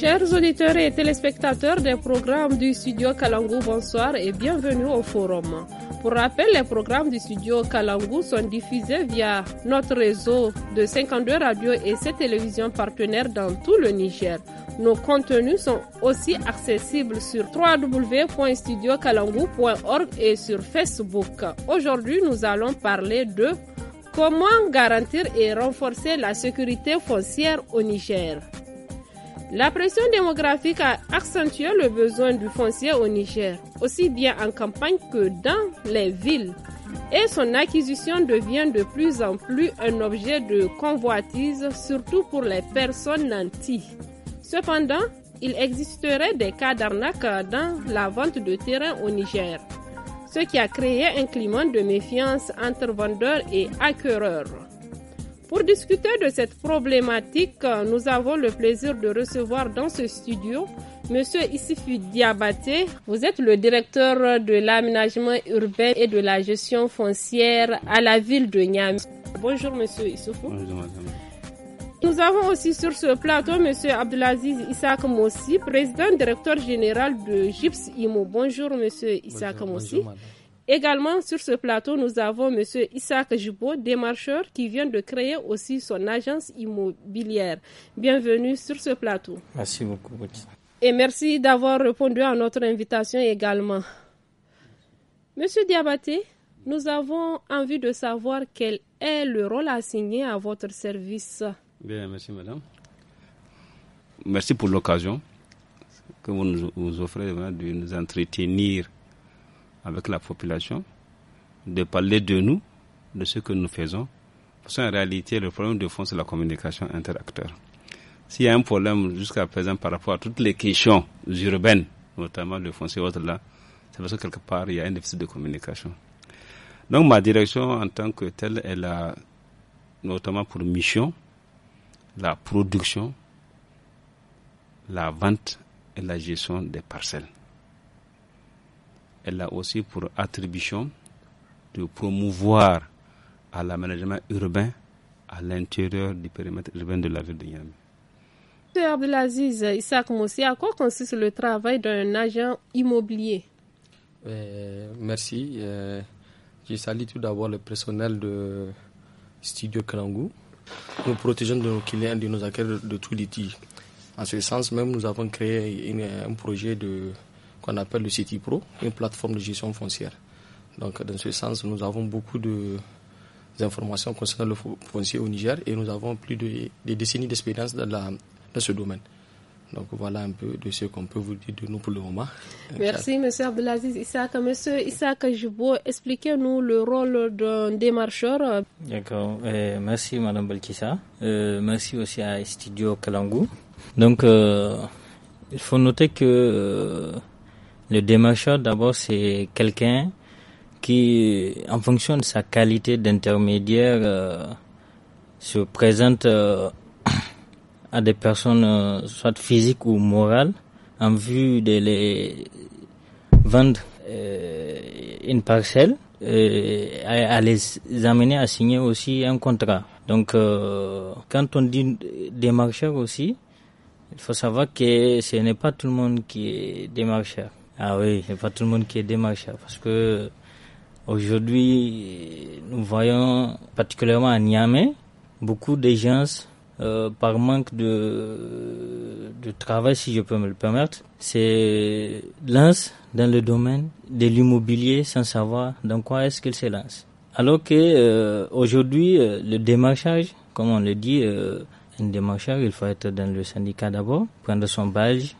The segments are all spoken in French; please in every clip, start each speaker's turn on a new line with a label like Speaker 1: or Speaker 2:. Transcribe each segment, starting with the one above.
Speaker 1: Chers auditeurs et téléspectateurs des programmes du studio Kalangou, bonsoir et bienvenue au forum. Pour rappel, les programmes du studio Kalangou sont diffusés via notre réseau de 52 radios et 7 télévisions partenaires dans tout le Niger. Nos contenus sont aussi accessibles sur www.studiokalangou.org et sur Facebook. Aujourd'hui, nous allons parler de comment garantir et renforcer la sécurité foncière au Niger. La pression démographique a accentué le besoin du foncier au Niger, aussi bien en campagne que dans les villes. Et son acquisition devient de plus en plus un objet de convoitise, surtout pour les personnes nanties. Cependant, il existerait des cas d'arnaque dans la vente de terrain au Niger, ce qui a créé un climat de méfiance entre vendeurs et acquéreurs. Pour discuter de cette problématique, nous avons le plaisir de recevoir dans ce studio Monsieur Issifu Diabaté, vous êtes le directeur de l'aménagement urbain et de la gestion foncière à la ville de Niamey. Bonjour Monsieur Issifu. Bonjour Madame. Nous avons aussi sur ce plateau Monsieur Abdelaziz Issaq Mossi, président directeur général de GIPS IMO. Bonjour Monsieur Issaq Mossi. Également sur ce plateau, nous avons M. Isaac Jubot, démarcheur, qui vient de créer aussi son agence immobilière. Bienvenue sur ce plateau. Merci beaucoup. Et merci d'avoir répondu à notre invitation également. Monsieur Diabaté, nous avons envie de savoir quel est le rôle assigné à votre service.
Speaker 2: Bien, merci madame. Merci pour l'occasion que vous nous offrez de nous entretenir avec la population, de parler de nous, de ce que nous faisons. Parce qu'en réalité, le problème de fond, c'est la communication interacteur. S'il y a un problème jusqu'à présent par rapport à toutes les questions urbaines, notamment le foncier et autres là, c'est parce que quelque part, il y a un déficit de communication. Donc ma direction en tant que telle, elle a notamment pour mission la production, la vente et la gestion des parcelles elle a aussi pour attribution de promouvoir à l'aménagement urbain à l'intérieur du périmètre urbain
Speaker 3: de la ville de Niamey.
Speaker 1: Monsieur Abdelaziz Isaac à quoi consiste le travail d'un agent immobilier
Speaker 3: euh, Merci. Euh, je salue tout d'abord le personnel de Studio Klangou. Nous protégeons de nos clients et de nos acquéreurs de, tous tout litige. En ce sens, même, nous avons créé un projet de qu'on appelle le City Pro, une plateforme de gestion foncière. Donc, dans ce sens, nous avons beaucoup de concernant le foncier au Niger et nous avons plus de des décennies d'expérience dans, ce domaine. Donc voilà un peu de ce qu'on peut vous dire de nous pour le moment. Merci,
Speaker 1: M. Abdelaziz Issaq. M. Isaac expliquez-nous le rôle d'un démarcheur.
Speaker 4: D'accord. Euh, merci, Madame Belkissa. Euh, merci aussi à Studio Kalangu. Donc, euh, il faut noter que le démarcheur, d'abord, c'est quelqu'un qui, en fonction de sa qualité d'intermédiaire, euh, se présente euh, à des personnes, euh, soit physiques ou morales, en vue de les vendre une parcelle et à, les amener à signer aussi un contrat. Donc, quand on dit démarcheur aussi, il faut savoir que ce n'est pas tout le monde qui est démarcheur. Ah oui, a pas tout le monde qui est démarcheur hein, parce que aujourd'hui, nous voyons particulièrement à Niamey beaucoup de gens euh, par manque de, de travail, si je peux me le permettre, se lancent dans le domaine de l'immobilier sans savoir dans quoi est-ce qu'ils se lancent. Alors que euh, aujourd'hui, euh, le démarchage, comme on le dit, un démarcheur, il faut être dans le syndicat d'abord, prendre son badge,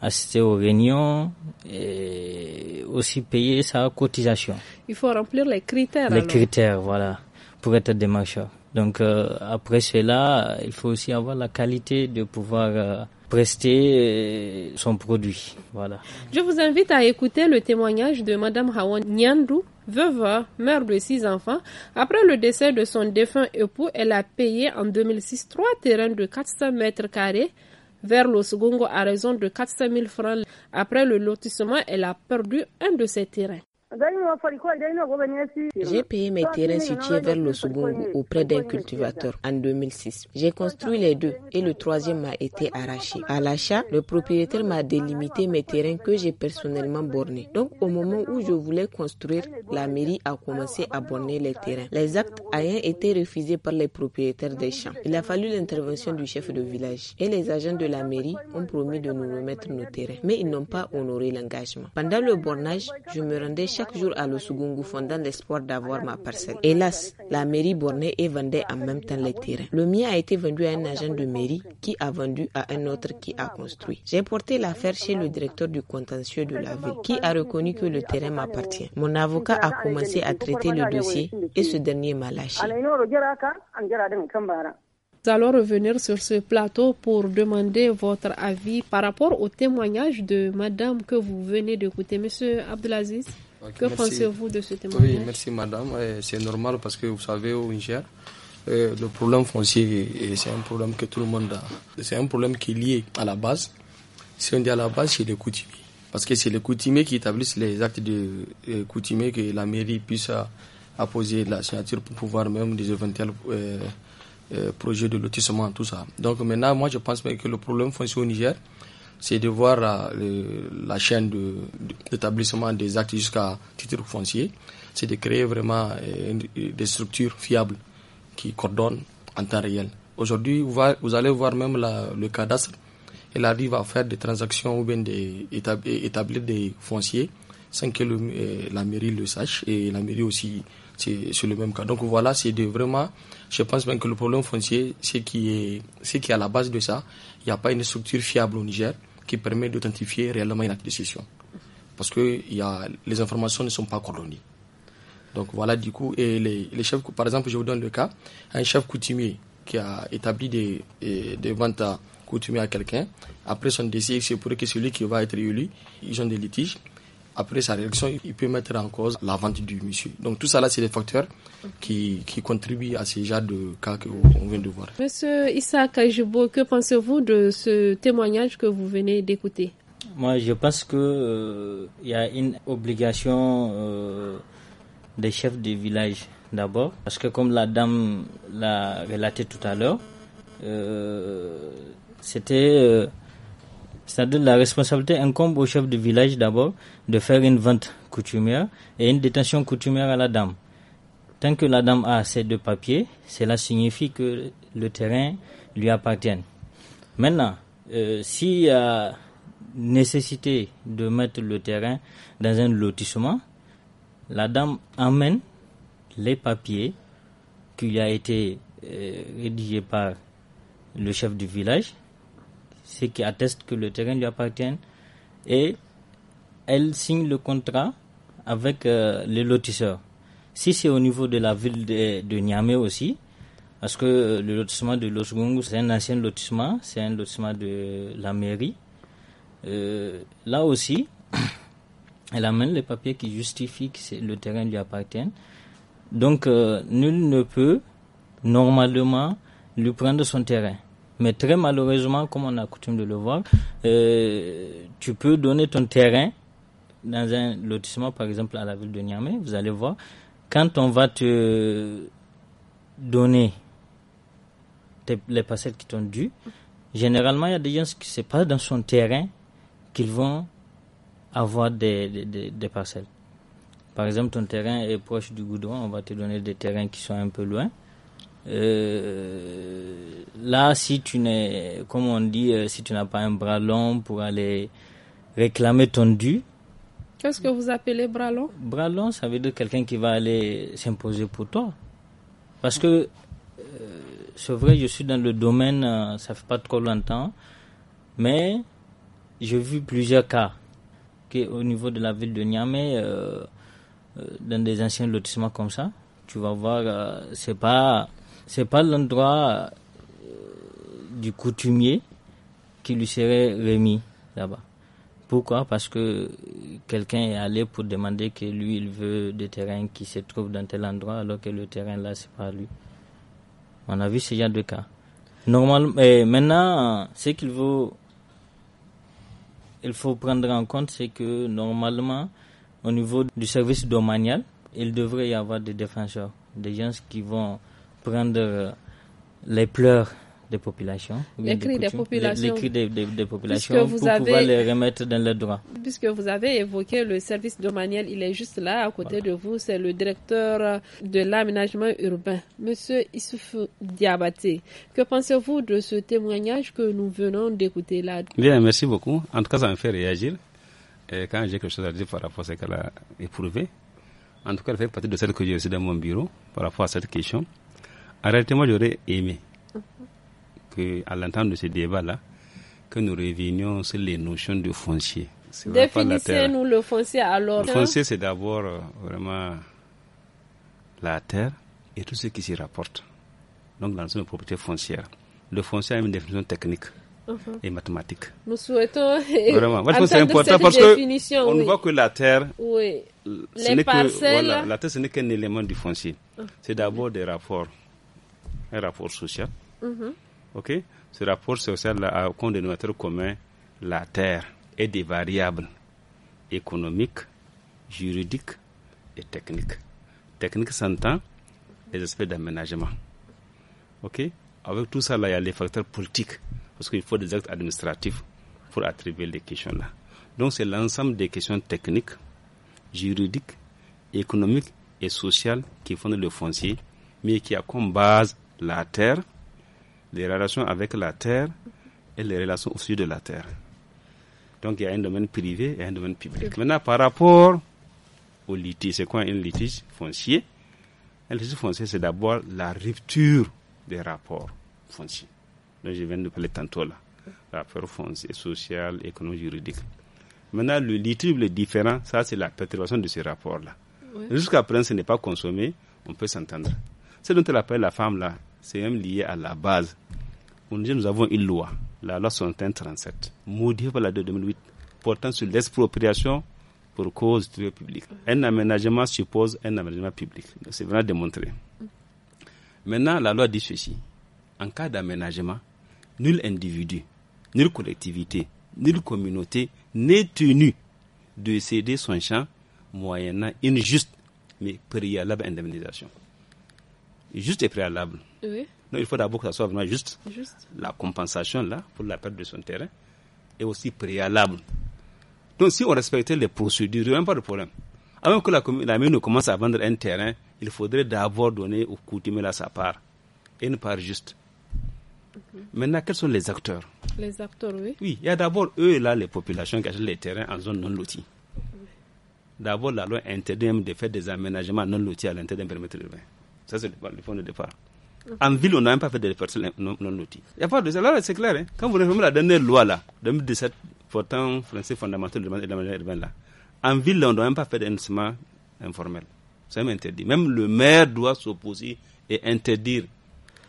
Speaker 4: assister aux réunions et aussi payer sa cotisation.
Speaker 1: Il faut remplir les critères.
Speaker 4: Les critères, voilà, pour être démarcheur. Donc euh, après cela, il faut aussi avoir la qualité de pouvoir euh, prester euh, son produit. Voilà.
Speaker 1: Je vous invite à écouter le témoignage de Madame Hawan Nyandou, veuve, mère de six enfants. Après le décès de son défunt époux, elle a payé en 2006 trois terrains de 400 mètres carrés vers Sugongo à raison de 400 000 francs. Après le lotissement, elle a perdu un de ses terrains.
Speaker 3: J'ai payé mes terrains situés vers le
Speaker 1: Sougongo auprès d'un cultivateur en 2006. J'ai construit les deux et le troisième m'a été arraché. À l'achat, le propriétaire m'a délimité mes terrains que j'ai personnellement bornés. Donc au moment où je voulais construire, la mairie a commencé à borner les terrains. Les actes ayant été refusés par les propriétaires des champs. Il a fallu l'intervention du chef de village et les agents de la mairie ont promis de nous remettre nos terrains. Mais ils n'ont pas honoré l'engagement. Pendant le bornage, je me rendais chaque chaque jour à l'Osugungu fondant l'espoir d'avoir ma parcelle. Hélas, la mairie bornait et vendait en même temps les terrains. Le mien a été vendu à un agent de mairie qui a vendu à un autre qui a construit. J'ai porté l'affaire chez le directeur du contentieux de la ville qui a reconnu que le terrain m'appartient. Mon avocat a commencé à traiter le dossier et ce dernier m'a lâché. Nous allons revenir sur ce plateau pour demander votre avis par rapport au témoignage de madame que vous venez d'écouter. Monsieur Abdelaziz que pensez-vous de ce témoignage Oui,
Speaker 3: merci madame. C'est normal parce que vous savez, au Niger, euh, le problème foncier, c'est un problème que tout le monde a. C'est un problème qui est lié à la base. Si on dit à la base, c'est les coutumiers. Parce que c'est les coutumiers qui établissent les actes de euh, que la mairie puisse apposer la signature pour pouvoir même des éventuels euh, projets de lotissement, tout ça. Donc maintenant, moi, je pense que le problème foncier au Niger, c'est de voir euh, la, la chaîne d'établissement de, des actes jusqu'à titre foncier. C'est de créer vraiment euh, des structures fiables qui coordonnent en temps réel. Aujourd'hui, vous, allez voir même le cadastre. Elle arrive à faire des transactions ou bien des, établir des fonciers sans que euh, la mairie le sache et la mairie aussi c'est sur le même cas. Donc voilà, c'est de vraiment, je pense même que le problème foncier, c'est qui est, ce qui est à la base de ça, il n'y a pas une structure fiable au Niger qui permet d'authentifier réellement une acquisition. Parce que les informations ne sont pas coordonnées. Donc voilà, du coup, et les, chefs, par exemple, je vous donne le cas, un chef coutumier qui a établi des, ventes à, coutumier à quelqu'un, après son décès, c'est pour que celui qui va être élu, ils ont des litiges après sa réaction, il peut mettre en cause la vente du monsieur. Donc tout ça là, c'est des facteurs qui, contribuent à ces genre de cas qu'on vient de voir.
Speaker 1: Monsieur Issa Kajibo, que pensez-vous de ce témoignage que vous venez d'écouter
Speaker 3: Moi, je pense
Speaker 4: qu'il euh, y a une obligation euh, des chefs de village d'abord, parce que comme la dame l'a relaté tout à l'heure, euh, c'était c'est-à-dire la responsabilité incombe au chef du village d'abord de faire une vente coutumière et une détention coutumière à la dame. Tant que la dame a ces deux papiers, cela signifie que le terrain lui appartient. Maintenant, euh, s'il y a nécessité de mettre le terrain dans un lotissement, la dame amène les papiers qui lui a été euh, rédigés par le chef du village ce qui atteste que le terrain lui appartient, et elle signe le contrat avec euh, les lotisseurs. Si c'est au niveau de la ville de, Niamey aussi, parce que euh, le lotissement de Losgungu, c'est un ancien lotissement, c'est un lotissement de la mairie. Euh, là aussi, elle amène les papiers qui justifient que le terrain lui appartient. Donc, nul ne peut normalement lui prendre son terrain. Mais très malheureusement, comme on a coutume de le voir, euh, tu peux donner ton terrain dans un lotissement, par exemple, à la ville de Niamey. Vous allez voir, quand on va te donner les parcelles qui t'ont dû, généralement, il y a des gens qui ne pas dans son terrain qu'ils vont avoir des, parcelles. Par exemple, ton terrain est proche du goudron, on va te donner des terrains qui sont un peu loin euh, là, si tu n'es, comme on dit, euh, si tu n'as pas un bras long pour aller réclamer ton dû.
Speaker 1: Qu'est-ce que vous appelez bras long
Speaker 4: Bras long, ça veut dire quelqu'un qui va aller s'imposer pour toi. Parce que, euh, c'est vrai, je suis dans le domaine, ça fait pas trop longtemps, mais j'ai vu plusieurs cas au niveau de la ville de Niamey, dans des anciens lotissements comme ça, tu vas voir, c'est pas c'est pas l'endroit euh, du coutumier qui lui serait remis là-bas. Pourquoi Parce que quelqu'un est allé pour demander que lui, il veut des terrains qui se trouvent dans tel endroit, alors que le terrain là, c'est pas lui. On a vu ce deux cas. Normalement, maintenant, ce qu'il faut prendre en compte, c'est que normalement, au niveau du service domanial, il devrait y avoir des défenseurs, des gens qui vont prendre euh, les pleurs des populations. Les cris des populations. vous pour pouvoir les remettre dans leurs droits.
Speaker 1: Puisque vous avez évoqué le service domanial, il est juste là à côté de vous, c'est le directeur de l'aménagement urbain, Monsieur Issouf Diabaté. Que pensez-vous de ce témoignage que nous venons d'écouter là
Speaker 2: Bien, merci beaucoup. En tout cas, ça me fait réagir. quand j'ai quelque chose à dire par rapport à ce qu'elle a éprouvé, en tout cas, elle fait partie de celle que j'ai aussi dans mon bureau par rapport à cette question. En réalité, moi, j'aurais aimé qu'à l'entente de ce débat-là, que nous revenions sur les notions de foncier. Définissez-nous
Speaker 1: le foncier alors. Le foncier,
Speaker 2: c'est d'abord euh, vraiment la terre et tout ce qui s'y rapporte. Donc, dans une propriété foncière. Le foncier a une définition technique uh-huh. et mathématique.
Speaker 1: Nous souhaitons. Vraiment. Moi, je pense que c'est important parce qu'on ne voit que
Speaker 2: la terre. Les parcelles. la terre, ce n'est qu'un élément du foncier. Uh-huh. C'est d'abord des rapports rapport social. Mhm. Ce rapport social a comme dénominateur commun la terre et des variables économiques, juridiques et techniques. Technique s'entend les aspects d'aménagement. Ok Avec tout ça, il y a les facteurs politiques parce qu'il faut des actes administratifs pour attribuer les questions-là. Donc c'est l'ensemble des questions techniques, juridiques, économiques et sociales qui font le foncier, mais qui a comme base la terre, les relations avec la terre et les relations au sud de la terre. Donc il y a un domaine privé et un domaine public. Maintenant, par rapport au litige, c'est quoi un litige foncier Un litige foncier, c'est d'abord la rupture des rapports fonciers. Donc je viens de parler tantôt là. Rapport foncier, social, économique, juridique. Maintenant, le litige, le différent, ça c'est la perturbation de ces rapports-là. Jusqu'à présent, ce n'est pas consommé, on peut s'entendre. Ce dont elle appelle la femme là, c'est même lié à la base. nous avons une loi, la loi 6137, modifiée par la de 2008, portant sur l'expropriation pour cause du public. Un aménagement suppose un aménagement public. C'est vraiment démontré. Maintenant, la loi dit ceci. En cas d'aménagement, nul individu, nulle collectivité, nulle communauté n'est tenu de céder son champ moyennant une juste mais préalable indemnisation juste et préalable. Non, il faut d'abord que ça soit vraiment juste. La compensation, là, pour la perte de son terrain, est aussi préalable. Donc, si on respectait les procédures, il n'y a même pas de problème. Avant que la, la commence à vendre un terrain, il faudrait d'abord donner au coutumier sa part. et Une part juste. Maintenant, quels sont les acteurs
Speaker 1: Les acteurs, oui.
Speaker 2: Oui, il y a d'abord eux, là, les populations qui achètent les terrains en zone non lotie. D'abord, la loi interdit de faire des aménagements non lotis à l'intérieur d'un de urbain. Ça, c'est le, point de départ. En ville, on n'a même pas fait de répartition non, notif. Il n'y a pas de ça. c'est clair. Hein? Quand vous réformez la dernière loi, là, 2017, portant français fondamental de la manière urbaine, là, en ville, on n'a même pas fait d'instrument informel. C'est même interdit. Même le maire doit s'opposer et interdire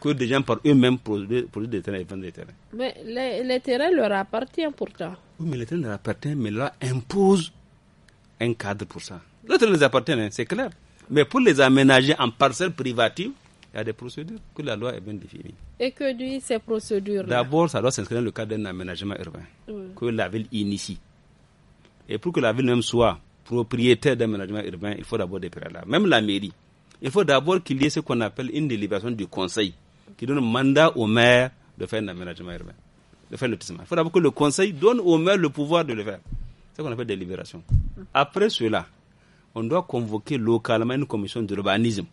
Speaker 2: que des gens par eux-mêmes produisent, des terrains et vendent des terrains.
Speaker 1: Mais les, les terrains leur appartiennent pourtant.
Speaker 2: Oui, mais les terrains leur appartiennent, mais loi impose un cadre pour ça. Les terrains leur appartiennent, hein, c'est clair. Mais pour les aménager en parcelles privatives, il y a des procédures que la loi est bien définie.
Speaker 1: Et que dit ces procédures D'abord,
Speaker 2: ça doit s'inscrire dans le cadre d'un aménagement urbain que la ville initie. Et pour que la ville même soit propriétaire d'un aménagement urbain, il faut d'abord des préalables. Même la mairie, il faut d'abord qu'il y ait ce qu'on appelle une délibération du conseil qui donne mandat au maire de faire un aménagement urbain, de faire Il faut d'abord que le conseil donne au maire le pouvoir de le faire. C'est ce qu'on appelle délibération. Après cela, on doit convoquer localement une commission d'urbanisme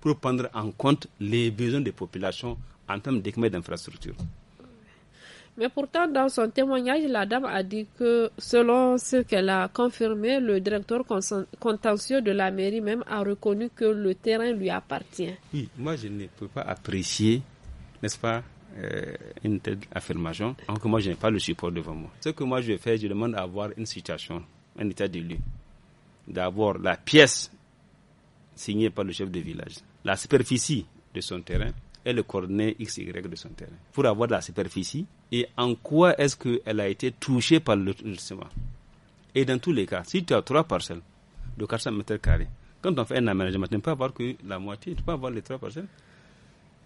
Speaker 2: pour prendre en compte les besoins des populations en termes d'équipement d'infrastructures.
Speaker 1: Mais pourtant, dans son témoignage, la dame a dit que, selon ce qu'elle a confirmé, le directeur contentieux de la mairie même a reconnu que le terrain lui appartient.
Speaker 2: Oui, moi je ne peux pas apprécier, n'est-ce pas, euh, une telle affirmation, alors que moi je n'ai pas le support devant moi. Ce que moi je vais faire, je demande à avoir une situation, un état de lieu d'avoir la pièce signée par le chef de village, la superficie de son terrain et le coordonnée XY de son terrain, pour avoir la superficie et en quoi est-ce qu'elle a été touchée par le lotissement. Et dans tous les cas, si tu as trois parcelles de 400 mètres carrés, quand on fait un aménagement, tu ne peux avoir que la moitié, tu ne peux avoir les trois parcelles.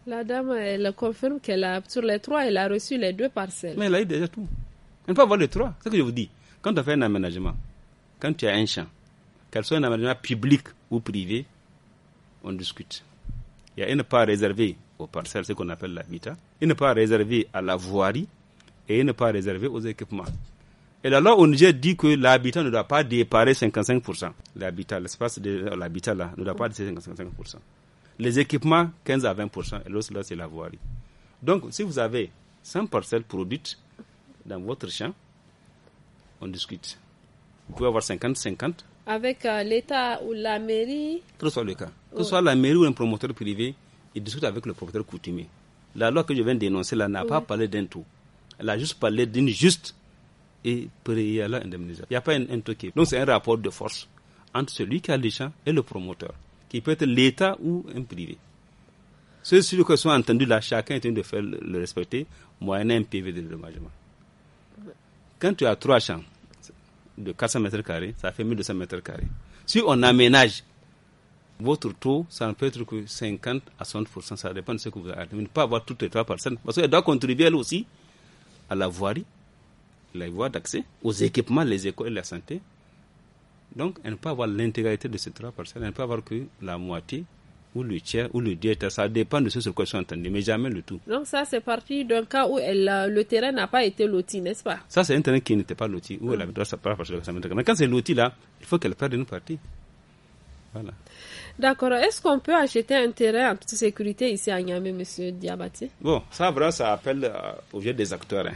Speaker 1: La dame, elle confirme qu'elle a, sur les trois, elle a reçu les deux parcelles. Mais
Speaker 2: elle a eu déjà tout. Elle ne peut pas avoir les trois. C'est ce que je vous dis. Quand on fait un aménagement, quand tu as un champ, qu'elles soient un aménagement public ou privé, on discute. Il y a une part réservée aux parcelles, ce qu'on appelle l'habitat, une part réservée à la voirie et une part réservée aux équipements. Et la loi on dit que l'habitat ne doit pas déparer 55%. L'habitat, l'espace de euh, l'habitat là, ne doit pas déparer 55%. Les équipements, 15 à 20%, et l'autre là, c'est la voirie. Donc, si vous avez 100 parcelles produites dans votre champ, on discute. Vous pouvez avoir 50-50,
Speaker 1: avec euh, l'État ou la mairie
Speaker 2: Que ce soit le cas. Que ce soit la mairie ou un promoteur privé, il discute avec le promoteur coutumier. La loi que je viens de dénoncer là n'a pas parlé d'un tout. Elle a juste parlé d'une juste et préalable indemnisation. Il n'y a pas un, un est. Donc c'est un rapport de force entre celui qui a les champs et le promoteur, qui peut être l'État ou un privé. Ceux qui sont entendus là, chacun est train de faire le, respecter, moyennant un PV de dédommagement. Quand tu as trois champs, de 400 mètres carrés, ça fait 1200 mètres carrés. Si on aménage votre taux, ça ne peut être que 50 à 60%, ça dépend de ce que vous avez. Mais ne pas avoir toutes les trois parcelles, parce qu'elle doit contribuer elle aussi à la voirie, la voie d'accès, aux équipements, les écoles et la santé. Donc, elle ne peut avoir l'intégralité de ces trois parcelles, elle ne peut avoir que la moitié ou le tiers ou le diète. Ça dépend de ce sur quoi ils sont entendus, mais jamais le tout.
Speaker 1: Donc ça, c'est parti d'un cas où euh, le terrain n'a pas été loti, n'est-ce pas
Speaker 2: Ça, c'est un terrain qui n'était pas loti, où elle avait droit à sa part. Mais quand c'est loti, là, il faut qu'elle perde une partie. Voilà.
Speaker 1: D'accord. Est-ce qu'on peut acheter un terrain en toute sécurité ici à Niamey, monsieur Diabati
Speaker 2: Bon, ça, vraiment, ça appelle euh, au jeu des acteurs. Hein.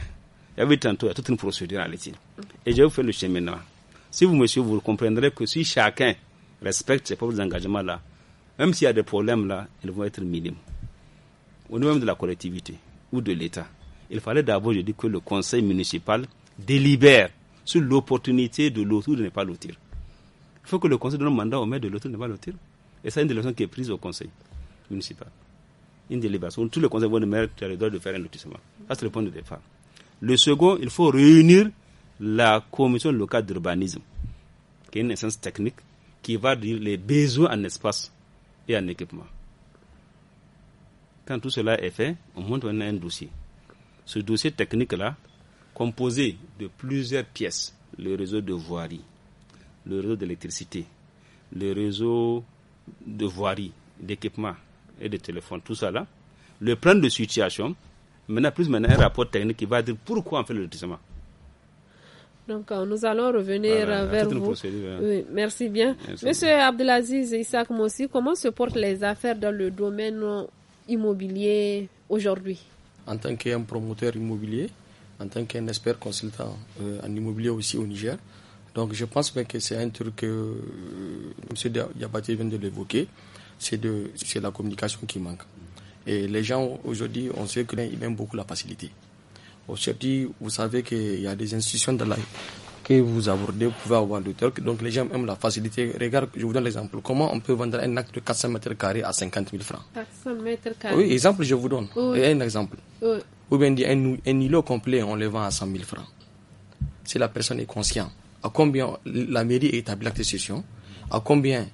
Speaker 2: Il y avait tantôt toute une procédure à l'étude. Et je vais vous faire le cheminement. Si vous, monsieur, vous comprendrez que si chacun respecte ses propres engagements-là, même s'il y a des problèmes là, ils vont être minimes. Au niveau de la collectivité ou de l'État, il fallait d'abord, je dis, que le conseil municipal délibère sur l'opportunité de l'autre de ne pas l'autir. Il faut que le conseil donne un mandat au maire de l'autre de ne pas l'autir. Et ça, c'est une délibération qui est prise au conseil municipal. Une délibération. Tous les conseils vont le maire, le droit de faire un lotissement. Ça, c'est le point de départ. Le second, il faut réunir la commission locale d'urbanisme, qui est une instance technique qui va dire les besoins en espace et en équipement. Quand tout cela est fait, on montre on a un dossier. Ce dossier technique-là, composé de plusieurs pièces, le réseau de voirie, le réseau d'électricité, le réseau de voirie, d'équipement et de téléphone, tout ça là, le plan de situation, maintenant plus maintenant un rapport technique qui va dire pourquoi on fait le lotissement.
Speaker 1: Donc, euh, nous allons revenir euh, vers vous. Hein. oui, merci bien. Monsieur Abdelaziz Isaac Mossi, comment se portent les affaires dans le domaine immobilier aujourd'hui
Speaker 3: En tant qu'un promoteur immobilier, en tant qu'un expert consultant euh, en immobilier aussi au Niger, donc je pense que c'est un truc que M. Diabaté vient de l'évoquer, c'est la communication qui manque. Et les gens aujourd'hui, on sait qu'ils aiment beaucoup la facilité. Au vous savez qu'il y a des institutions de la, que vous abordez, vous pouvez avoir le truc. Donc les gens aiment la facilité. Regarde, je vous donne l'exemple. Comment on peut vendre un acte de 400 mètres carrés à 50 000 francs
Speaker 1: 400 mètres carrés Oui, exemple,
Speaker 3: je vous donne. Un exemple. Ou bien un, îlot complet, on le vend à 100 000 francs. Si la personne est consciente, à combien la mairie a établi décision à combien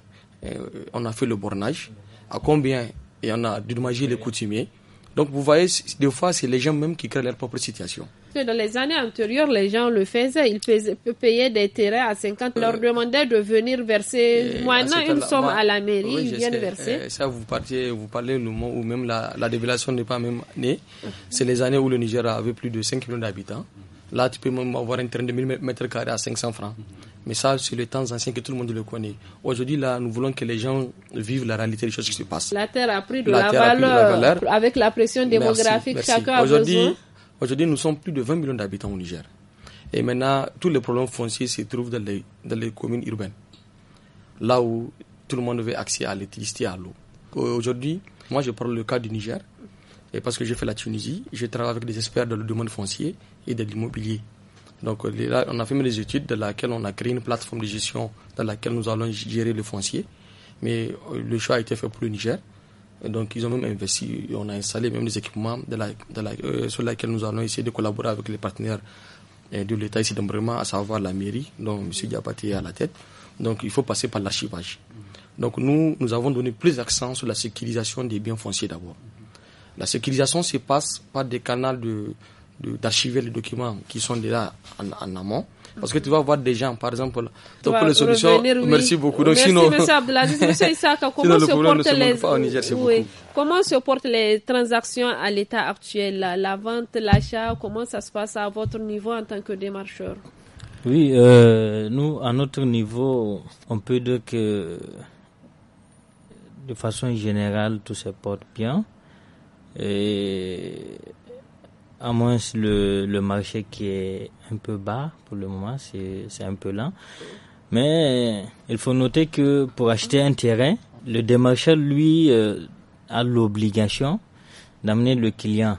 Speaker 3: euh, on a fait le bornage, à combien il y en a dédommagé les coutumiers. Donc vous voyez, des fois, c'est les gens même qui créent leur propre situation.
Speaker 1: Dans les années antérieures, les gens le faisaient. Ils payaient des terrains à 50, euh, leur demandaient de venir verser euh, maintenant une somme à la mairie, ils viennent verser. Euh,
Speaker 3: ça, vous, partiez, vous parlez le moment où même la, la dévélation n'est pas même née. C'est les années où le Niger avait plus de 5 millions d'habitants. Là, tu peux même avoir un terrain de 1000 mètres carrés à 500 francs. Mais ça, c'est le temps ancien que tout le monde le connaît. Aujourd'hui, là, nous voulons que les gens vivent la réalité des choses qui se passent. La terre a pris de, la, valeur, avec la pression démographique. Merci, merci. Chacun aujourd'hui, nous sommes plus de 20 millions d'habitants au Niger. Et maintenant, tous les problèmes fonciers se trouvent dans les, communes urbaines. Là où tout le monde avait accès à l'électricité, à l'eau. Euh, aujourd'hui, moi, je parle le cas du Niger. Et parce que j'ai fait la Tunisie, je travaille avec des experts dans le domaine foncier et de l'immobilier. Donc là, on a fait des études dans laquelle on a créé une plateforme de gestion dans laquelle nous allons gérer le foncier. Mais euh, le choix a été fait pour le Niger. donc ils ont même investi, on a installé même des équipements de la, euh, sur lesquels nous allons essayer de collaborer avec les partenaires euh, de l'État ici d'Embrema, à savoir la mairie, dont M. Diabaté est à la tête. Donc il faut passer par l'archivage. Donc nous, nous avons donné plus d'accent sur la sécurisation des biens fonciers d'abord. La sécurisation se passe par des canaux de, d'archiver les documents qui sont déjà en, amont. Parce que tu vas voir des gens, par exemple, pour les solutions. Merci beaucoup. Donc, sinon, comment,
Speaker 1: se les... portent les transactions à l'état actuel La vente, l'achat, comment ça se passe à votre niveau en tant que démarcheur
Speaker 4: Oui, euh, nous, à notre niveau, on peut dire que de façon générale, tout se porte bien. Et à moins le, le marché qui est un peu bas pour le moment, c'est un peu lent. Mais il faut noter que pour acheter un terrain, le démarcheur, lui, euh, a l'obligation d'amener le client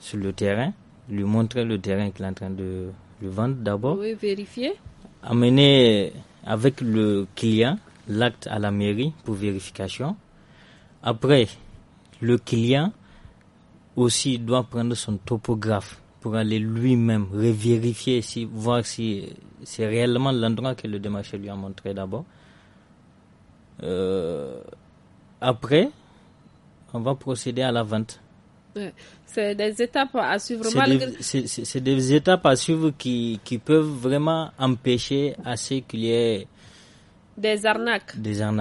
Speaker 4: sur le terrain, lui montrer le terrain qu'il est en train de, de vendre d'abord. vérifier. Amener avec le client l'acte à la mairie pour vérification. Après, le client aussi doit prendre son topographe pour aller lui-même revérifier, si, voir si c'est réellement l'endroit que le démarcheur lui a montré d'abord. Euh, après, on va procéder à la vente.
Speaker 1: C'est des étapes à suivre.
Speaker 4: C'est des, étapes à suivre qui, qui peuvent vraiment empêcher à ce qu'il y ait
Speaker 1: des arnaques.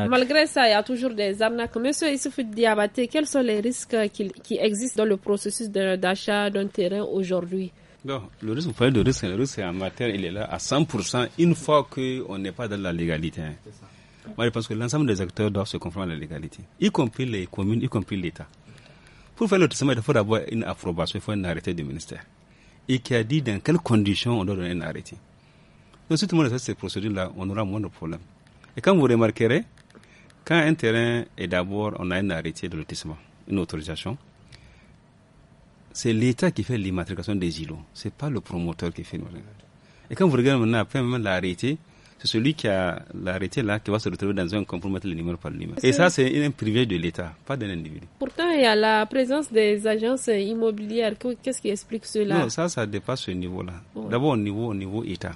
Speaker 1: Malgré ça, il y a toujours des arnaques. Monsieur de Diabaté, quels sont les risques qui, existent dans le processus d'achat d'un terrain aujourd'hui
Speaker 2: non, le risque, vous parlez de risque, le risque en matière, il est là à 100% une fois qu'on n'est pas dans la légalité. Hein. Moi, je pense que l'ensemble des acteurs doivent se conformer à la légalité, y compris les communes, y compris l'État. Pour faire le testament, il faut d'abord une approbation, il faut un arrêté du ministère. Et qui a dit dans quelles conditions on doit donner un arrêté. Donc, si tout le monde fait ces procédures-là, on aura moins de problèmes. Et comme vous remarquerez, quand un terrain est d'abord, on a un arrêté de lotissement, une autorisation, c'est l'État qui fait l'immatriculation des îlots. Ce n'est pas le promoteur qui fait. Et quand vous regardez maintenant, après même l'arrêté, c'est celui qui a l'arrêté là qui va se retrouver dans un compromis de numéro par lui Et ça, c'est un privilège de l'État, pas d'un individu.
Speaker 1: Pourtant, il y a la présence des agences immobilières. Qu'est-ce qui explique cela Non,
Speaker 2: ça, ça dépasse ce niveau-là. D'abord, au niveau, au niveau État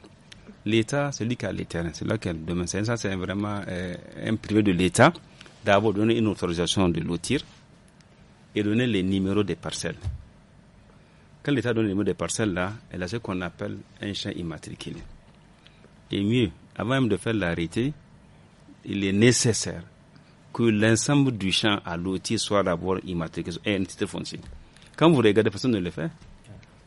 Speaker 2: l'État, celui qui a les terrains. C'est là qu'elle Ça, c'est vraiment euh, un privé de l'État d'avoir donné une autorisation de lotir et donner les numéros des parcelles. Quand l'État donne les numéros des parcelles, là, elle a ce qu'on appelle un champ immatriculé. Et mieux, avant même de faire l'arrêté, il est nécessaire que l'ensemble du champ à lotir soit d'abord immatriculé et un titre foncier. Quand vous regardez, personne ne le fait.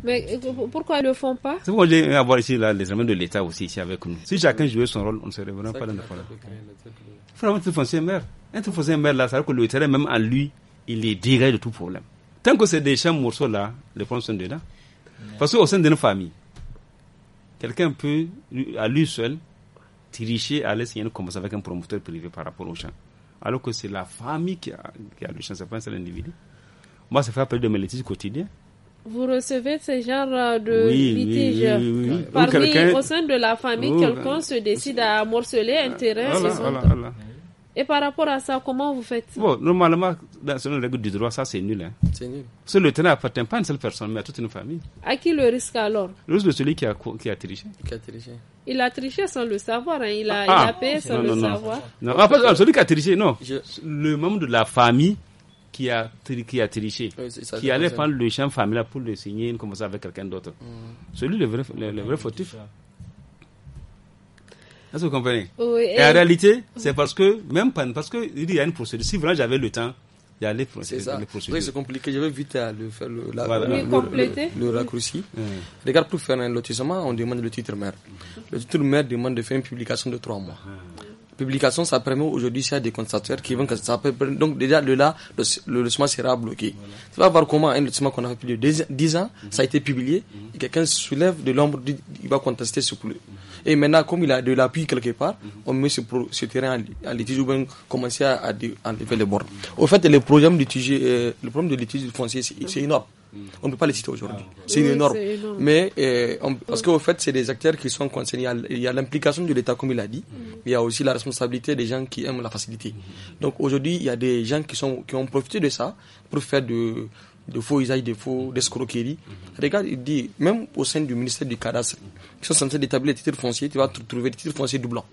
Speaker 1: Mais euh, pourquoi ils ne le font pas
Speaker 2: C'est pour j'ai avoir ici les amis de l'État aussi ici avec nous. Si chacun jouait son rôle, on ne serait vraiment pas dans le problème. Il faut vraiment un foncier maire. Un foncier maire là, ça veut dire que le terrain même en lui, il est direct de tout problème. Tant que c'est des champs morceaux là, les problèmes sont dedans. Parce qu'au sein d'une famille, quelqu'un peut, à lui seul, tricher, aller signer une commencer avec un promoteur privé par rapport aux champ. Alors que c'est la famille qui a, qui a le champ, c'est pas un seul individu. Moi, ça fait appel de mes litiges quotidiens.
Speaker 1: Vous recevez ce genre euh, de litige Parmi, au sein de la famille, quelqu'un se décide à morceler un terrain. Et par rapport à ça, comment vous faites
Speaker 2: Bon, normalement, selon les règles du droit, ça c'est nul. Hein. C'est nul. Parce le terrain appartient pas à une seule personne, mais à toute une famille.
Speaker 1: À qui le risque alors
Speaker 2: Le risque de celui qui a, qui a triché.
Speaker 1: Il a triché sans le savoir, hein. il, a, ah, il a payé ah, sans le savoir. Non,
Speaker 2: ah, celui qui a triché, non. Le membre de la famille qui a, qui a triché, qui allait prendre le champ familial pour le signer comme ça avec quelqu'un d'autre. Mm. Celui le vrai, le, vrai mm. fautif. Mm. Est-ce que vous comprenez oui, et, en réalité, c'est parce que, même pas parce que, il y a une procédure. Si vraiment j'avais le temps,
Speaker 3: il y a les, procédures. C'est compliqué. j'avais vais vite à euh, le, faire le, le, raccourci. Les Regarde, pour faire un lotissement, on demande le titre maire. Le titre maire demande de faire une publication de trois mois publication, ça permet aujourd'hui, s'il y a des constateurs qui vont que ça Donc, déjà, de là, le, le sera bloqué. Tu vas voir comment un logement qu'on a fait depuis 10 ans, mhm. ça a été publié, mhm. et quelqu'un soulève de l'ombre, il va contester ce coup mhm. Et maintenant, comme il a de l'appui quelque part, on met ce, terrain à litige ou bien commencer à, enlever les bornes. Au fait, le problème, euh, le problème de litige foncier, c'est énorme. Mm-hmm. On ne peut pas les citer aujourd'hui. Ah, c'est une énorme. Mais euh, parce qu'au fait, c'est des acteurs qui sont concernés. Il y a l'implication de l'État, comme il a dit. Mm-hmm. Il y a aussi la responsabilité des gens qui aiment la facilité. Mm-hmm. Donc aujourd'hui, il y a des gens qui, sont, qui ont profité de ça pour faire de, faux usages, de faux escroqueries. Regarde, il dit, même au sein du ministère du cadastre, qui sont censés établir les titres fonciers, tu vas trouver des titres fonciers doublants.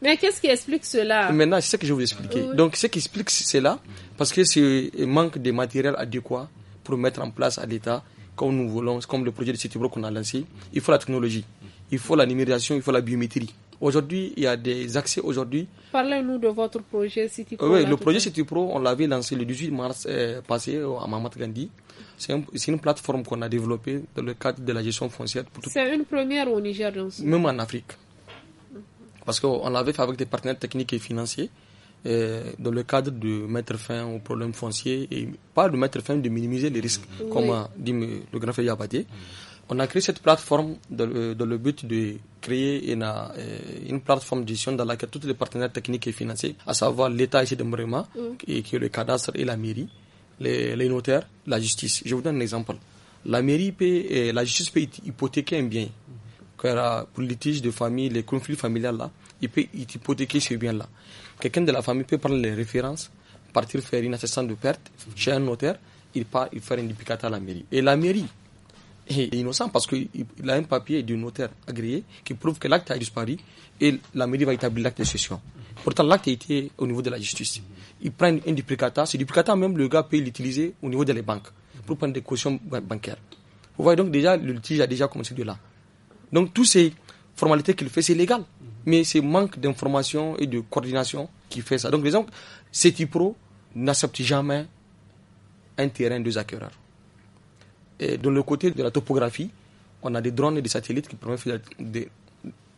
Speaker 1: Mais qu'est-ce qui explique cela
Speaker 3: Maintenant, c'est ce que je vais vous expliquer. Donc, ce qui explique cela, parce que c'est manque de matériel adéquat, pour mettre en place à l'État, comme nous voulons, comme le projet de Citibro qu'on a lancé, il faut la technologie, il faut la numérisation, il faut la biométrie. Aujourd'hui, il y a des accès aujourd'hui.
Speaker 1: Parlez-nous de votre projet CityPro. oui, le projet
Speaker 3: CityPro, on l'avait lancé le 18 mars euh, passé à Mamad Gandhi. C'est une plateforme qu'on a développée dans le cadre de la gestion foncière.
Speaker 1: C'est une première au Niger, dans Même en
Speaker 3: Afrique. Parce qu'on l'avait fait avec des partenaires techniques et financiers. Euh, dans le cadre de mettre fin aux problèmes fonciers et pas de mettre fin, de minimiser les risques, comme a dit le grand frère On a créé cette plateforme dans le, but de créer une, euh, une plateforme d'édition dans laquelle tous les partenaires techniques et financiers, à savoir l'État ici de Mbrema, et que le cadastre et la mairie, les, notaires, la justice. Je vous donne un exemple. La mairie peut, la justice peut hypothéquer un bien. Euh, pour pour litige de famille, les conflits familiaux là, il peut hypothéquer ce bien là. Quelqu'un de la famille peut prendre les références, partir faire une assistance de perte chez un notaire, il part il fait un duplicata à la mairie. Et la mairie est innocent parce qu'il a un papier du notaire agréé qui prouve que l'acte a disparu et la mairie va établir l'acte de cession. Pourtant, l'acte a été au niveau de la justice. Ils prennent un duplicata. Ce duplicata, même, le gars peut l'utiliser au niveau des banques pour prendre des cautions bancaires. Vous voyez donc déjà, le litige a déjà commencé de là. Donc, toutes ces formalités qu'il fait, c'est légal mais c'est manque d'information et de coordination qui fait ça. Donc, disons que CETIPRO n'accepte jamais un terrain de acquéreurs. Et dans le côté de la topographie, on a des drones et des satellites qui permettent de, de,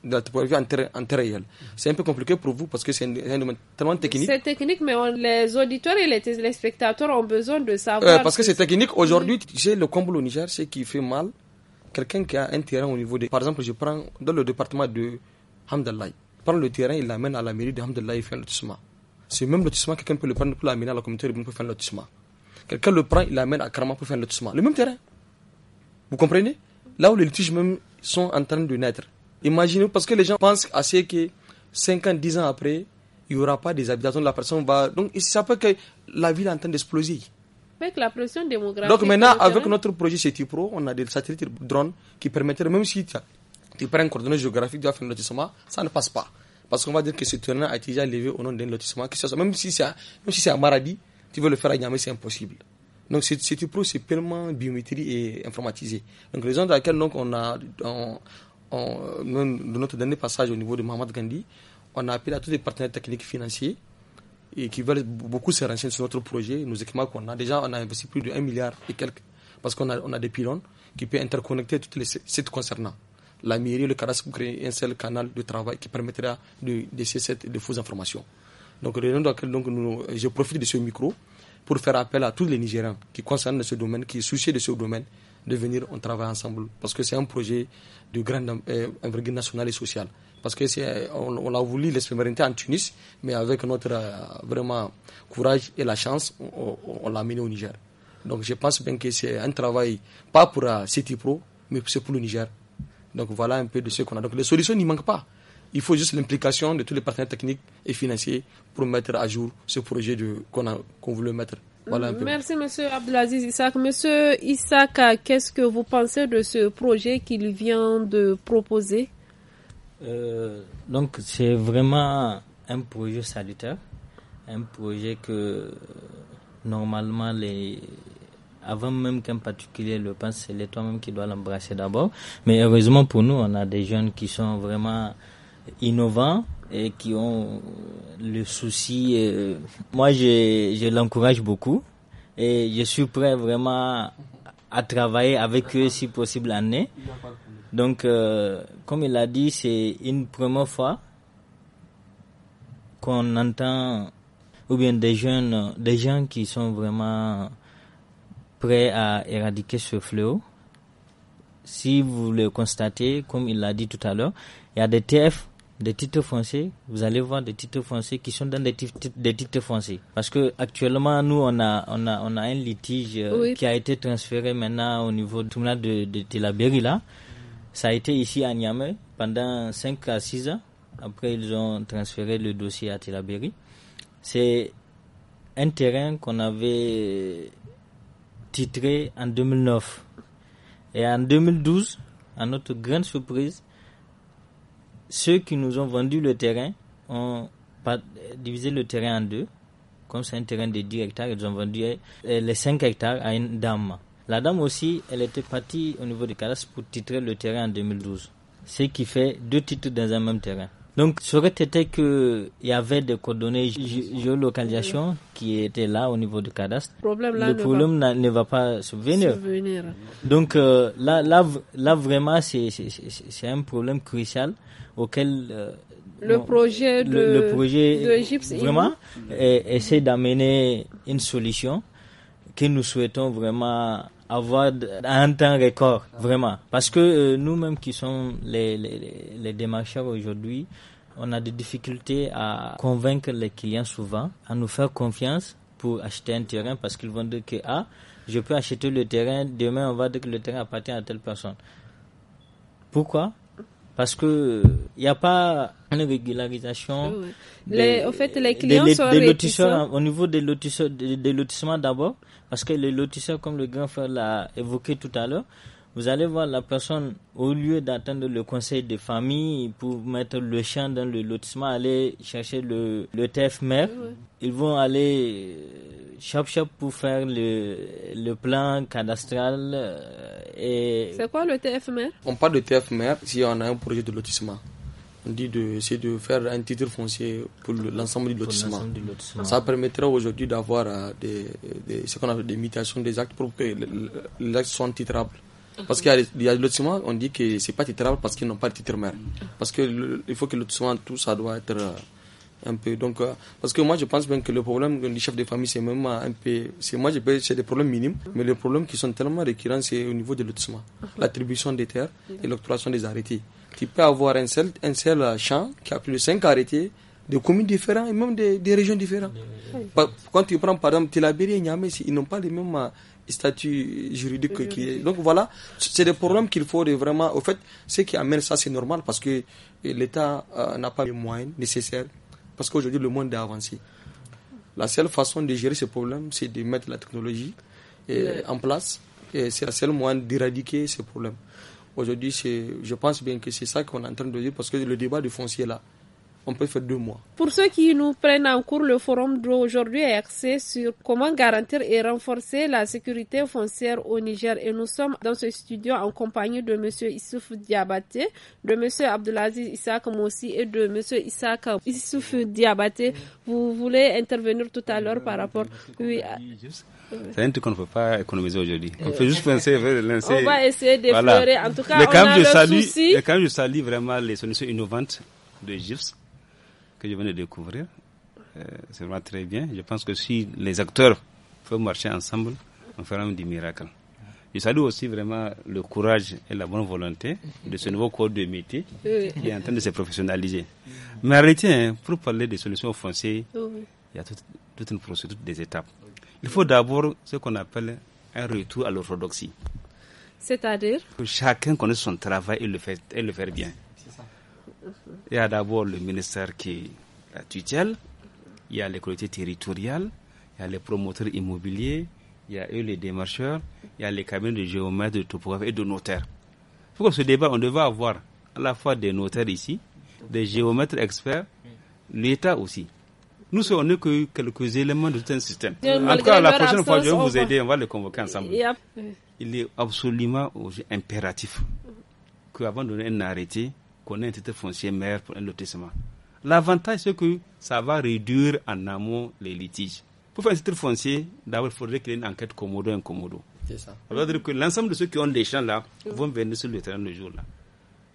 Speaker 3: de la topographie en terrain en C'est un peu compliqué pour vous parce que c'est un, domaine tellement technique. C'est
Speaker 1: technique, mais les auditeurs et les, spectateurs ont besoin de savoir. Euh, parce que, c'est
Speaker 3: technique. Aujourd'hui, j'ai le comble au Niger, c'est qui fait mal. Quelqu'un qui a un terrain au niveau des. Par exemple, je prends dans le département de Hamdallah. Il prend le terrain, il l'amène à la mairie de Hamdallah, il fait un lotissement. C'est même lotissement, quelqu'un peut le prendre pour l'amener à la communauté urbaine pour faire un lotissement. Quelqu'un le prend, il l'amène à Karama pour faire un lotissement. Le même terrain. Vous comprenez Là où les litiges même sont en train de naître. Imaginez, parce que les gens pensent à ce que 5 ans, 10 ans après, il n'y aura pas des habitations, la personne va. Donc, ça peut que la ville est en train d'exploser.
Speaker 1: Avec la pression démographique. Donc, maintenant, avec notre
Speaker 3: projet Pro, on a des satellites drones qui permettraient, même si tu prends un coordonnée géographique, tu vas faire un lotissement, ça ne passe pas. Parce qu'on va dire que ce terrain a été déjà levé au nom d'un lotissement, même si c'est à, si Maradi, tu veux le faire à Niamey, c'est impossible. Donc, c'est pro, c'est pleinement biométrie et informatisé. Donc, raison dans laquelle, donc, on a, dans notre dernier passage au niveau de Mohamed Gandhi, on a appelé à tous les partenaires techniques financiers et qui veulent beaucoup se renseigner sur notre projet, nos équipements qu'on a. Déjà, on a investi plus de 1 milliard et quelques, parce qu'on a, on a des pylônes qui peuvent interconnecter toutes les sites concernants la mairie, le CARAS créer un seul canal de travail qui permettra de laisser cette de fausses informations. Donc, je profite de ce micro pour faire appel à tous les Nigériens qui concernent ce domaine, qui sont souciés de ce domaine, de venir, en travailler ensemble. Parce que c'est un projet de grande euh, envergure nationale et sociale. Parce que c'est, on, a voulu l'expérimenté en Tunis, mais avec notre euh, vraiment courage et la chance, on, l'a amené au Niger. Donc je pense bien que c'est un travail, pas pour uh, Pro, mais c'est pour le Niger. Donc voilà un peu de ce qu'on a. Donc les solutions n'y manquent pas. Il faut juste l'implication de tous les partenaires techniques et financiers pour mettre à jour ce projet qu'on voulait mettre. Voilà un peu.
Speaker 1: Merci, Monsieur Abdelaziz Isaac. Monsieur Isaac, qu'est-ce que vous pensez de ce projet qu'il vient de proposer
Speaker 3: euh, Donc,
Speaker 4: c'est vraiment un projet salutaire, un projet que normalement les avant même qu'un particulier le pense, c'est toi-même qui doit l'embrasser d'abord. Mais heureusement pour nous, on a des jeunes qui sont vraiment innovants et qui ont le souci. Euh, moi, je, l'encourage beaucoup et je suis prêt vraiment à travailler avec eux si possible l'année. Donc, euh, comme il a dit, c'est une première fois qu'on entend ou bien des jeunes, des gens qui sont vraiment prêt à éradiquer ce fléau Si vous le constatez, comme il l'a dit tout à l'heure, il y a des TF, des titres foncés. Vous allez voir des titres foncés qui sont dans des, titres, des foncés. Parce que actuellement, nous, on a, on a, on a un litige euh, qui a été transféré maintenant au niveau de, de, de, de là. Ça a été ici à Niamey pendant 5 à 6 ans. Après, ils ont transféré le dossier à Télabéry. C'est un terrain qu'on avait titré en 2009. Et en 2012, à notre grande surprise, ceux qui nous ont vendu le terrain ont divisé le terrain en deux. Comme c'est un terrain de 10 hectares, ils ont vendu euh, les 5 hectares à une dame. La dame aussi, elle était partie au niveau de Calas pour titrer le terrain en 2012. Ce qui fait deux titres dans un même terrain. Donc, ce que était qu'il y avait des coordonnées de géolocalisation qui étaient là au niveau du cadastre. Le problème, ne, va pas subvenir. Donc, euh, là, là, vraiment, c'est un problème crucial auquel euh, le projet
Speaker 1: de, projet vraiment
Speaker 4: essaie d'amener une solution que nous souhaitons vraiment avoir un temps record, vraiment. Parce que euh, nous-mêmes qui sommes les, les, démarcheurs aujourd'hui, on a des difficultés à convaincre les clients souvent, à nous faire confiance pour acheter un terrain parce qu'ils vont dire que ah, je peux acheter le terrain, demain on va dire que le terrain appartient à telle personne. Pourquoi parce que il euh, n'y a pas une régularisation. les, au fait, les clients sont au niveau des lotissements d'abord, parce que les lotisseurs, comme le grand frère l'a évoqué tout à l'heure, vous allez voir la personne, au lieu d'attendre le conseil des familles pour mettre le champ dans le lotissement, aller chercher le, le TF ils vont aller euh, shop
Speaker 3: shop pour faire le, plan cadastral. Euh, et... C'est quoi le TF On parle de TF si on a un projet de lotissement. On dit de, de faire un titre foncier pour l'ensemble du, lotissement. Ça permettra aujourd'hui d'avoir euh, des, des, ce qu'on appelle des mutations des actes pour que les actes soient titrables. Parce qu'il y a, le lotissement, on dit que n'est pas titrable parce qu'ils n'ont pas de titre mère. Parce qu'il faut que le lotissement, tout ça doit être euh, un peu. Donc, euh, parce que moi, je pense bien que le problème du chef de famille, c'est même un peu. C'est moi, je peux, c'est des problèmes minimes, mais les problèmes qui sont tellement récurrents, c'est au niveau de lotissement, l'attribution des terres et l'octroyation des arrêtés. Tu peux avoir un seul, champ qui a plus de 5 arrêtés, de communes différentes et même des, régions différentes. Quand tu prends par exemple Tilabiri et Niamey, ils n'ont pas les mêmes euh, statut juridique Donc voilà, c'est des problèmes qu'il faut vraiment. Au fait, ce qui amène ça, c'est normal parce que euh, l'État euh, n'a pas les moyens nécessaires parce qu'aujourd'hui le monde a avancé. La seule façon de gérer ce problème, c'est de mettre la technologie en place. Et c'est la seule moyen d'éradiquer ce problème. Aujourd'hui, je pense bien que c'est ça qu'on est en train de dire parce que le débat du foncier là, on peut faire deux mois.
Speaker 1: Pour ceux qui nous prennent en cours, le forum d'aujourd'hui est axé sur comment garantir et renforcer la sécurité foncière au Niger. Et nous sommes dans ce studio en compagnie de M. Issouf Diabaté, de M. Abdelaziz Issak Moussi et de M. Issak Issouf Diabaté. Vous voulez intervenir tout à l'heure par rapport. Oui. À...
Speaker 2: C'est un truc qu'on ne peut pas économiser aujourd'hui. On peut juste penser, On va essayer d'effleurer. Voilà. En tout cas, on a Mais quand je salue vraiment les solutions innovantes de GIFs que je viens de découvrir, euh, c'est vraiment très bien. Je pense que si les acteurs peuvent marcher ensemble, on fera des miracles. Je salue aussi vraiment le courage et la bonne volonté de ce nouveau corps de métier qui est en train de se professionnaliser. Mais arrêtez, hein, pour parler des solutions offensées, il y a toute, toute une procédure, toutes des étapes. Il faut d'abord ce qu'on appelle un retour à l'orthodoxie.
Speaker 1: C'est-à-dire
Speaker 2: Que chacun connaît son travail et le fait, et le faire bien. Il y a d'abord le ministère qui est la tutelle, il y a les collectivités territoriales, il y a les promoteurs immobiliers, il y a eux les démarcheurs, il y a les cabines de géomètres, de topographes et de notaires. Pour ce débat, on devait avoir à la fois des notaires ici, des géomètres experts, l'État aussi. Nous, on n'est que quelques éléments de tout un système. En tout cas, la prochaine fois, je vais vous aider, on va les convoquer ensemble. Il est absolument impératif qu'avant de donner un arrêté, qu'on ait un titre foncier maire pour un lotissement. L'avantage, c'est que ça va réduire en amont les litiges. Pour faire un titre foncier, d'abord, il faudrait qu'il y ait une enquête commodo-incommodo.
Speaker 3: Ça. ça veut dire
Speaker 2: que l'ensemble de ceux qui ont des champs là vont venir sur le terrain le jour là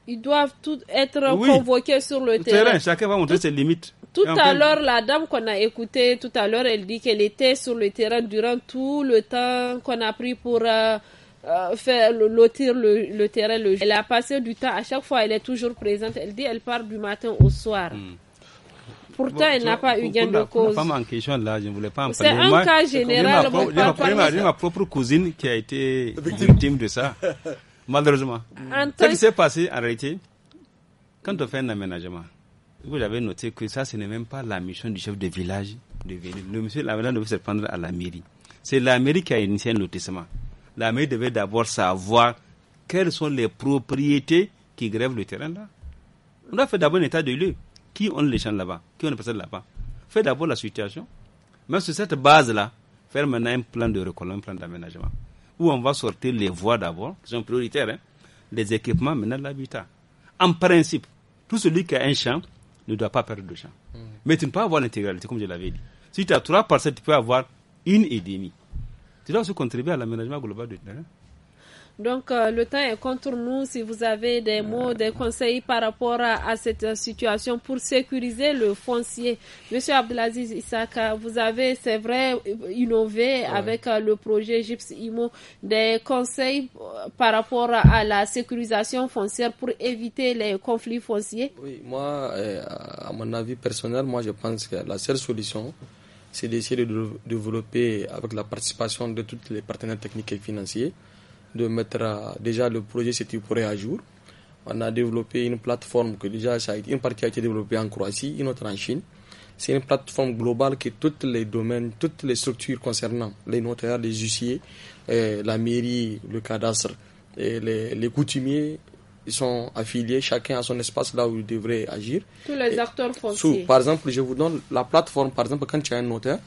Speaker 1: ils doivent tous être convoqués sur le, terrain.
Speaker 2: Chacun va montrer ses limites. Tout à l'heure,
Speaker 1: la dame qu'on a écoutée tout à l'heure, elle dit qu'elle était sur le terrain durant tout le temps qu'on a pris pour euh, euh, faire lotir le, terrain. elle a passé du temps, à chaque fois, elle est toujours présente. Elle dit elle part du matin au soir. Hmm. Pourtant, elle n'a pas eu gain de cause. Pas en
Speaker 2: question, là, je ne voulais pas en parler. C'est un cas général. J'ai ma propre cousine qui a été victime de ça. malheureusement. Ce qui s'est passé en réalité, quand on fait un aménagement, vous avez noté que ça, ce n'est même pas la mission du chef de village de venir. Le monsieur l'aménagement devait se prendre à la mairie. C'est la mairie qui a initié un lotissement. La mairie devait d'abord savoir quelles sont les propriétés qui grèvent le terrain là. On doit faire d'abord un état de lieu. Qui ont les champs là-bas Qui ont les personnes là-bas Faire d'abord la situation. Mais sur cette base-là, faire maintenant un plan de recolon, un plan d'aménagement où on va sortir les voies d'abord, qui sont prioritaires, les hein, équipements, maintenant l'habitat. En principe, tout celui qui a un champ ne doit pas perdre de champ. Hmm. Mais tu ne peux pas avoir l'intégralité, comme je l'avais dit. Si tu as trois parcelles, tu peux avoir une et demie. Tu dois aussi contribuer à l'aménagement global de terrain.
Speaker 1: Donc, euh, le temps est contre nous. Si vous avez des mots, des conseils par rapport à, cette situation pour sécuriser le foncier. Monsieur Abdelaziz Issaka, vous avez, c'est vrai, innové avec euh, le projet GIPS IMO. Des conseils euh, par rapport à la sécurisation foncière pour éviter les conflits fonciers
Speaker 3: Oui, moi, à mon avis personnel, moi, je pense que la seule solution, c'est d'essayer de développer avec la participation de tous les partenaires techniques et financiers de mettre déjà le projet pourrait à jour. On a développé une plateforme que déjà a une partie a été développée en Croatie, une autre en Chine. C'est une plateforme globale qui tous les domaines, toutes les structures concernant les notaires, les huissiers, eh, la mairie, le cadastre, et les, coutumiers. Ils sont affiliés, chacun à son espace là où il devrait agir.
Speaker 1: Tous les acteurs fonciers. par
Speaker 3: exemple, je vous donne la plateforme, par exemple, quand tu as un notaire,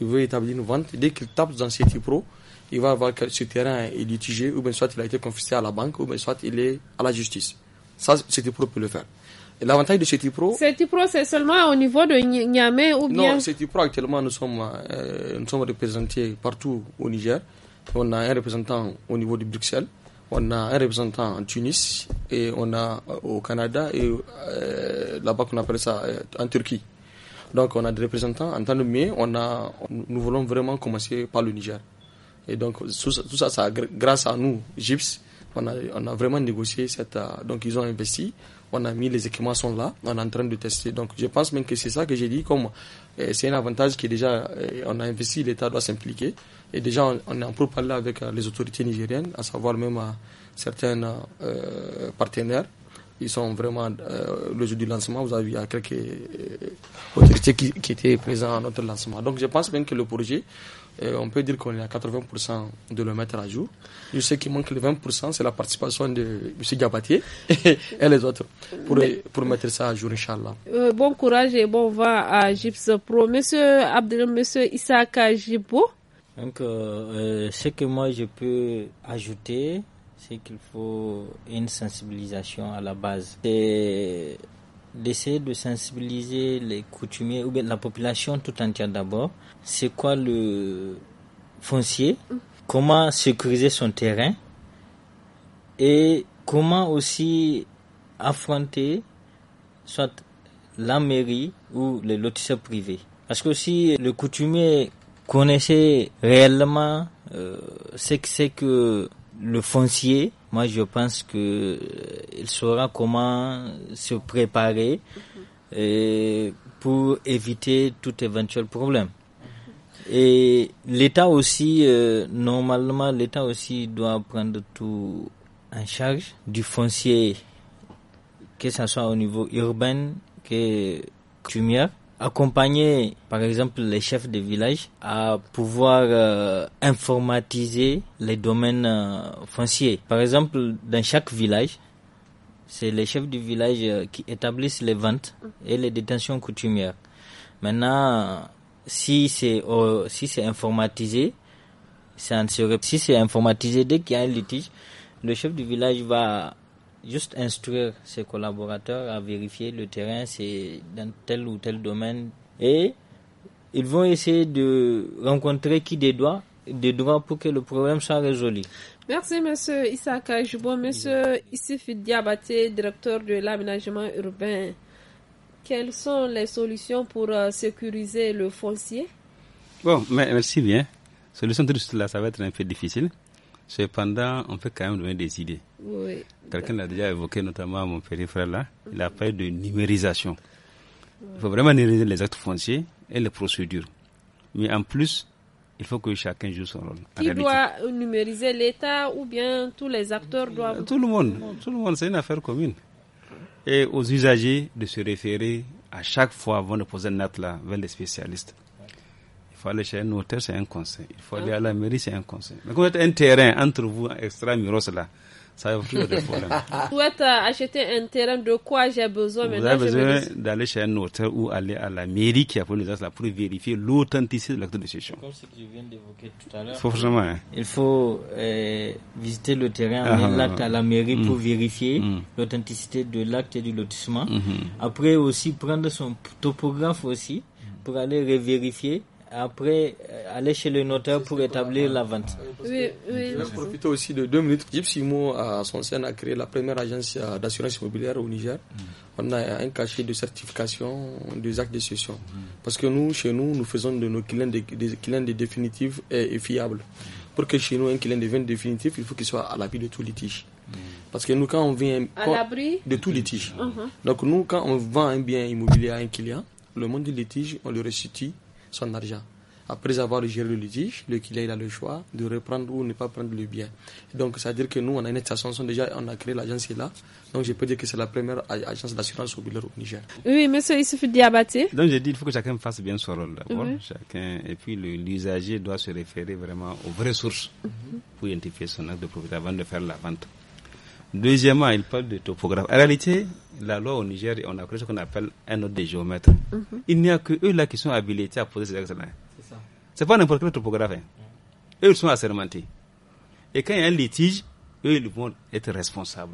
Speaker 3: il veut établir une vente, dès qu'il tape dans CETIPRO, Pro, il va voir que ce terrain est litigé, ou bien soit il a été confisqué à la banque, ou bien soit il est à la justice. Ça, CETIPRO peut le faire. Et l'avantage de CETIPRO... CETIPRO,
Speaker 1: c'est seulement au niveau de Niamey ou bien... Non,
Speaker 3: CETIPRO, actuellement, nous sommes, euh, nous sommes représentés partout au Niger. On a un représentant au niveau de Bruxelles, on a un représentant en Tunis, et on a euh, au Canada, et euh, là-bas qu'on appelle ça en Turquie. Donc on a des représentants en tant que mais on a, nous voulons vraiment commencer par le Niger. Et donc, tout ça, ça, grâce à nous, GIPS, on a, vraiment négocié cette. Euh, donc, ils ont investi on a mis les équipements sont là, on est en train de tester. Donc je pense même que c'est ça que j'ai dit, comme euh, c'est un avantage qui déjà euh, on a investi, l'État doit s'impliquer. Et déjà on, est en pour parler avec les autorités nigériennes, à savoir même certains partenaires. Ils sont vraiment le jour du lancement. Vous avez vu, il y a quelques autorités qui, qui étaient présentes à notre lancement. Donc je pense même que le projet euh, on peut dire qu'on est à 80% de le mettre à jour. Je sais qu'il manque les 20%, c'est la participation de M. Gabatier et les autres pour, pour mettre ça à jour, Inch'Allah.
Speaker 1: Euh, bon courage et bon vent à Gips Pro. Monsieur Abdel, Monsieur Issaka, Jibo.
Speaker 4: Donc, euh, ce que moi je peux ajouter, c'est qu'il faut une sensibilisation à la base. C'est d'essayer de sensibiliser les coutumiers ou bien la population tout entière d'abord. C'est quoi le foncier Comment sécuriser son terrain Et comment aussi affronter soit la mairie ou les lotisseurs privés Parce que si le coutumier connaissait réellement euh, ce que c'est que le foncier, moi je pense que euh, il saura comment se préparer euh, pour éviter tout éventuel problème. Et l'État aussi, euh, normalement, l'État aussi doit prendre tout en charge du foncier, que ce soit au niveau urbain, que tumière accompagner par exemple les chefs de village à pouvoir euh, informatiser les domaines euh, fonciers. Par exemple, dans chaque village, c'est les chefs du village euh, qui établissent les ventes et les détentions coutumières. Maintenant, si c'est si c'est informatisé, c'est si c'est informatisé dès qu'il y a un litige, le chef du village va juste instruire ses collaborateurs à vérifier le terrain, c'est dans tel ou tel domaine. Et ils vont essayer de rencontrer qui des doigts, des pour que le problème soit résolu.
Speaker 1: Merci, monsieur Issa Kajubo Monsieur Issif Diabaté, directeur de l'aménagement urbain. Quelles sont les solutions pour euh, sécuriser le foncier
Speaker 2: Bon, merci bien. Solution de cela, ça va être un peu difficile. Cependant, on peut quand même donner des idées. Quelqu'un l'a déjà évoqué, notamment mon périphère là. Il a parlé de numérisation. Il faut vraiment numériser les actes fonciers et les procédures. Mais en plus, il faut que chacun joue son rôle. Qui doit
Speaker 1: numériser l'État ou bien tous les acteurs doivent. Tout le monde,
Speaker 2: tout le monde, c'est une affaire commune. Et aux usagers de se référer à chaque fois avant de poser une acte là vers les spécialistes. Il faut aller chez un notaire, c'est un conseil. Il faut aller à la mairie, c'est un conseil. Mais quand vous êtes un terrain entre vous, extra-muros là, ça va des problèmes.
Speaker 1: Souhaite acheter un terrain, de quoi j'ai besoin Vous avez besoin
Speaker 2: d'aller chez un notaire ou aller à la mairie qui a pris les pour vérifier l'authenticité de l'acte de cession. Comme ce que je viens d'évoquer
Speaker 4: tout à l'heure. Forcément. Hein.
Speaker 2: Il faut euh, visiter le terrain, ah, ah à la mairie
Speaker 4: mm. pour vérifier mm. l'authenticité de l'acte du lotissement. Mm-hmm. Après aussi prendre son topographe aussi pour aller vérifier après euh, aller chez le notaire
Speaker 3: pour établir la vente. Ah,
Speaker 1: oui, vais Je
Speaker 3: aussi de deux minutes. Gypsy à son a créé la première agence euh, d'assurance immobilière au Niger. Mm. On a un cachet de certification des actes de cession. Parce que nous, chez nous, nous faisons de nos clients des, clients définitifs et, fiables. Mm. Pour que chez nous, un client devienne définitif, il faut qu'il soit à l'abri de tout litige. Mm. Parce que nous, quand on vient. À l'abri De tout litige. Uh-huh. Donc, nous, quand on vend un bien immobilier à un client, le monde du litige, on le restitue son argent. Après avoir géré le litige, le client a le choix de reprendre ou ne pas prendre le bien. Donc, c'est-à-dire que nous, on a une station déjà, on a créé l'agence là. Donc, je peux dire que c'est la première agence d'assurance mobilière au Niger.
Speaker 1: Oui, monsieur Issoufou Diabaté.
Speaker 2: Donc, j'ai dit, il faut que chacun fasse bien son rôle Chacun, et puis l'usager doit se référer vraiment aux vraies sources pour identifier son acte de profit avant de faire la vente. Deuxièmement, il parle de topographie. En réalité, la loi au Niger, on a créé ce qu'on appelle un ordre des géomètres. Mhm. Il n'y a que eux là qui sont habilités à poser ces actes-là. C'est pas n'importe quel topographe. Hein. Eux, ils sont assermentés. Et quand il y a un litige, eux, ils vont être responsable.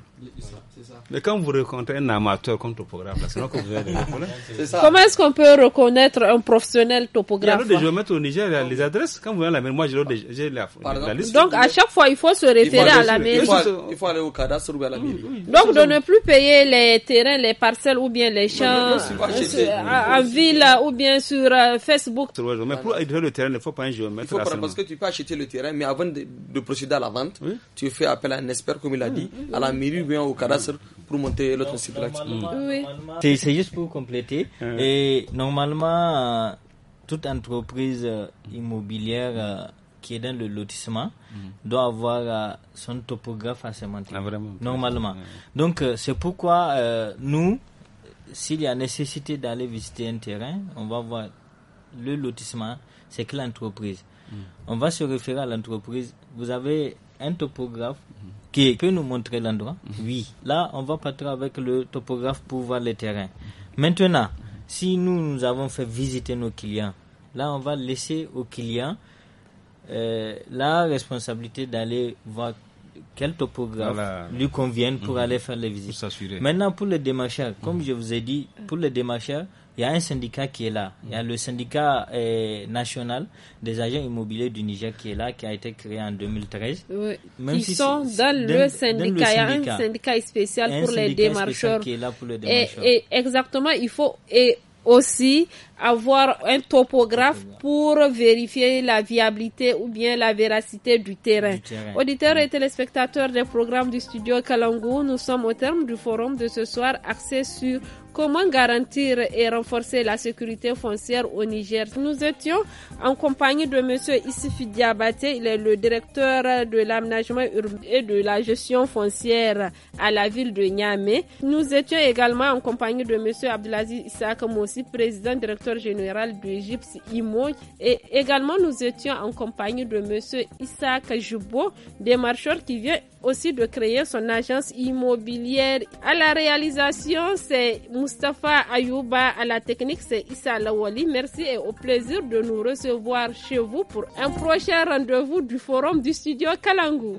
Speaker 2: Mais quand vous rencontrez un amateur comme topographe, Comment
Speaker 1: est-ce qu'on peut reconnaître un professionnel topographe Il y a des
Speaker 2: géomètres au Niger, les adresses. Quand vous venez la moi
Speaker 3: j'ai la, la, liste. Donc à chaque fois, il faut se référer à la maison Il faut, aller au cadastre ou à la mairie. Donc de ne
Speaker 1: plus payer les terrains, les parcelles ou bien les champs
Speaker 3: en
Speaker 1: ville ou bien sur euh, Facebook.
Speaker 3: Mais pour acheter le terrain, il ne faut pas un géomètre. Il faut parce que tu peux acheter le terrain, mais avant de, procéder à la vente, tu fais appel à un expert comme il a à la mairie bien au cadastre pour monter l'autre C'est juste pour compléter. Euh.
Speaker 4: Et normalement, euh, toute entreprise euh, immobilière qui est dans le lotissement mm. doit avoir son topographe à Sémantique. Ah, normalement. Donc, c'est pourquoi nous, s'il y a nécessité d'aller visiter un terrain, on va voir le lotissement, c'est que l'entreprise. Mm. On va se référer à l'entreprise. Vous avez un topographe mm qui peut nous montrer l'endroit mhm. Oui. Là, on va partir avec le topographe pour voir les terrain. Maintenant, si nous, nous avons fait visiter nos clients, là, on va laisser au clients euh, la responsabilité d'aller voir quel topographe lui convienne pour mhm. aller faire les visites. Maintenant, pour les démarcheurs, comme mhm. je vous ai dit, pour les démarcheurs il y a un syndicat qui est là. Il y a le syndicat eh, national des agents immobiliers du Niger qui est là, qui a été créé en 2013. Oui. Même Ils sont dans le, syndicat. Il y a un
Speaker 1: syndicat spécial pour les démarcheurs. Qui est Et, exactement, il faut aussi avoir un topographe pour vérifier la viabilité ou bien la véracité du terrain. du Auditeurs et téléspectateurs des programmes du studio Kalangou, nous sommes au terme du forum de ce soir axé sur Comment garantir et renforcer la sécurité foncière au Niger Nous étions en compagnie de M. Issifi Diabate, il est le directeur de l'aménagement urbain et de la gestion foncière à la ville de Niamey. Nous étions également en compagnie de M. Abdelaziz Isaac Moussi, président directeur général de IMO. Et également, nous étions en compagnie de M. Isaac Joubo, démarcheur qui vient aussi de créer son agence immobilière. À la réalisation, c'est Mustapha Ayouba. À la technique, c'est Issa Lawali. Merci et au plaisir de nous recevoir chez vous pour un prochain rendez-vous du forum du studio Kalangu.